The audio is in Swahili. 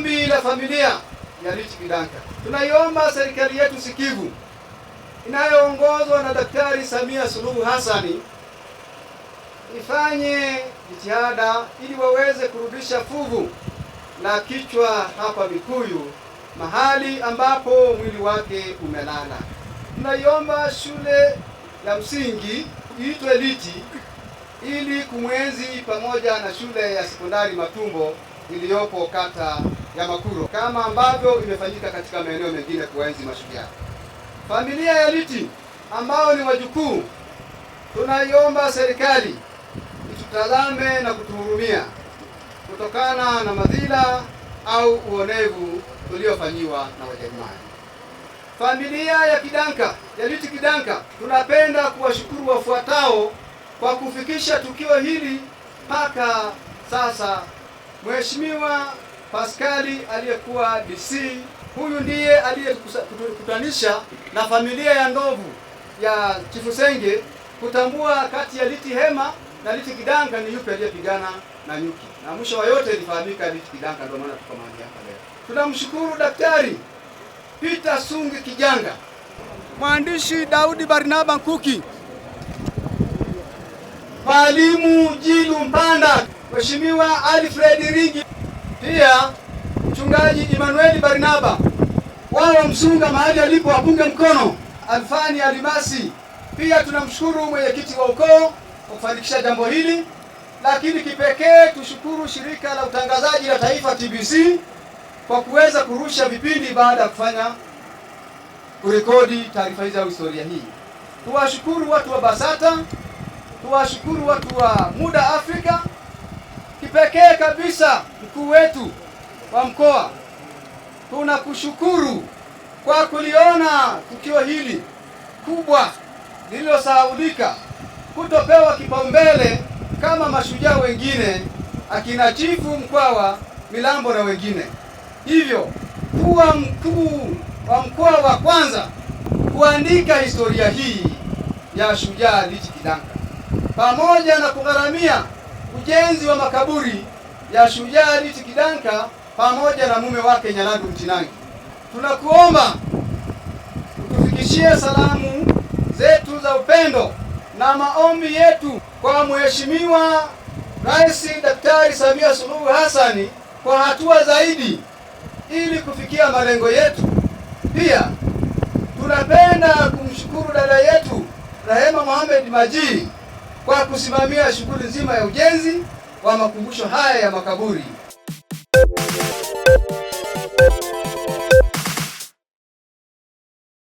ombi la familia ya Rich Kidanka, tunaiomba serikali yetu sikivu inayoongozwa na Daktari Samia Suluhu Hassani ifanye jitihada ili waweze kurudisha fuvu la kichwa hapa Mikuyu, mahali ambapo mwili wake umelala. Tunaiomba shule ya msingi iitwe Liti ili kumwenzi pamoja na shule ya sekondari Matumbo iliyopo kata ya Makuro kama ambavyo imefanyika katika maeneo mengine kuwaenzi mashujaa. Familia ya Liti ambao ni wajukuu, tunaiomba serikali itutazame na kutuhurumia kutokana na madhila au uonevu uliofanyiwa na Wajerumani. Familia ya Kidanka ya Liti Kidanka, tunapenda kuwashukuru wafuatao kwa kufikisha tukio hili mpaka sasa Mheshimiwa Paskali aliyekuwa DC, huyu ndiye aliyetukutanisha na familia ya ndovu ya Chifu kutambua kati ya Liti Hema na Liti Kidanga ni yupi aliyepigana na nyuki, na mwisho wa yote ilifahamika Liti Kidanga. Ndio maana tuko mahali hapa leo. Tunamshukuru Daktari Peter Sungi Kijanga, mwandishi Daudi Barnaba Nkuki, mwalimu Jilu Mheshimiwa Alfred Rigi, pia Mchungaji Emmanuel Barnaba, wao wamsunga mahali alipo wapunge mkono Alfani Alimasi. Pia tunamshukuru mwenyekiti wa ukoo kwa kufanikisha jambo hili, lakini kipekee tushukuru shirika la utangazaji la taifa TBC kwa kuweza kurusha vipindi baada ya kufanya kurekodi taarifa hizi au historia hii. Tuwashukuru watu wa Basata, tuwashukuru watu wa Muda Afrika kipekee kabisa mkuu wetu wa mkoa, tunakushukuru kwa kuliona tukio hili kubwa lililosahaulika kutopewa kipaumbele kama mashujaa wengine akina Chifu Mkwawa, Milambo na wengine. Hivyo kuwa mkuu wa mkoa wa kwanza kuandika historia hii ya shujaa Lichi Kidanka pamoja na kugharamia ujenzi wa makaburi ya shujaa Liti Kidanka pamoja na mume wake Nyalandu Mtinangi. Tunakuomba utufikishie salamu zetu za upendo na maombi yetu kwa Mheshimiwa Rais Daktari Samia Suluhu Hasani kwa hatua zaidi ili kufikia malengo yetu. Pia tunapenda kumshukuru dada yetu Rehema Mohamed majii kwa kusimamia shughuli nzima ya ujenzi wa makumbusho haya ya makaburi.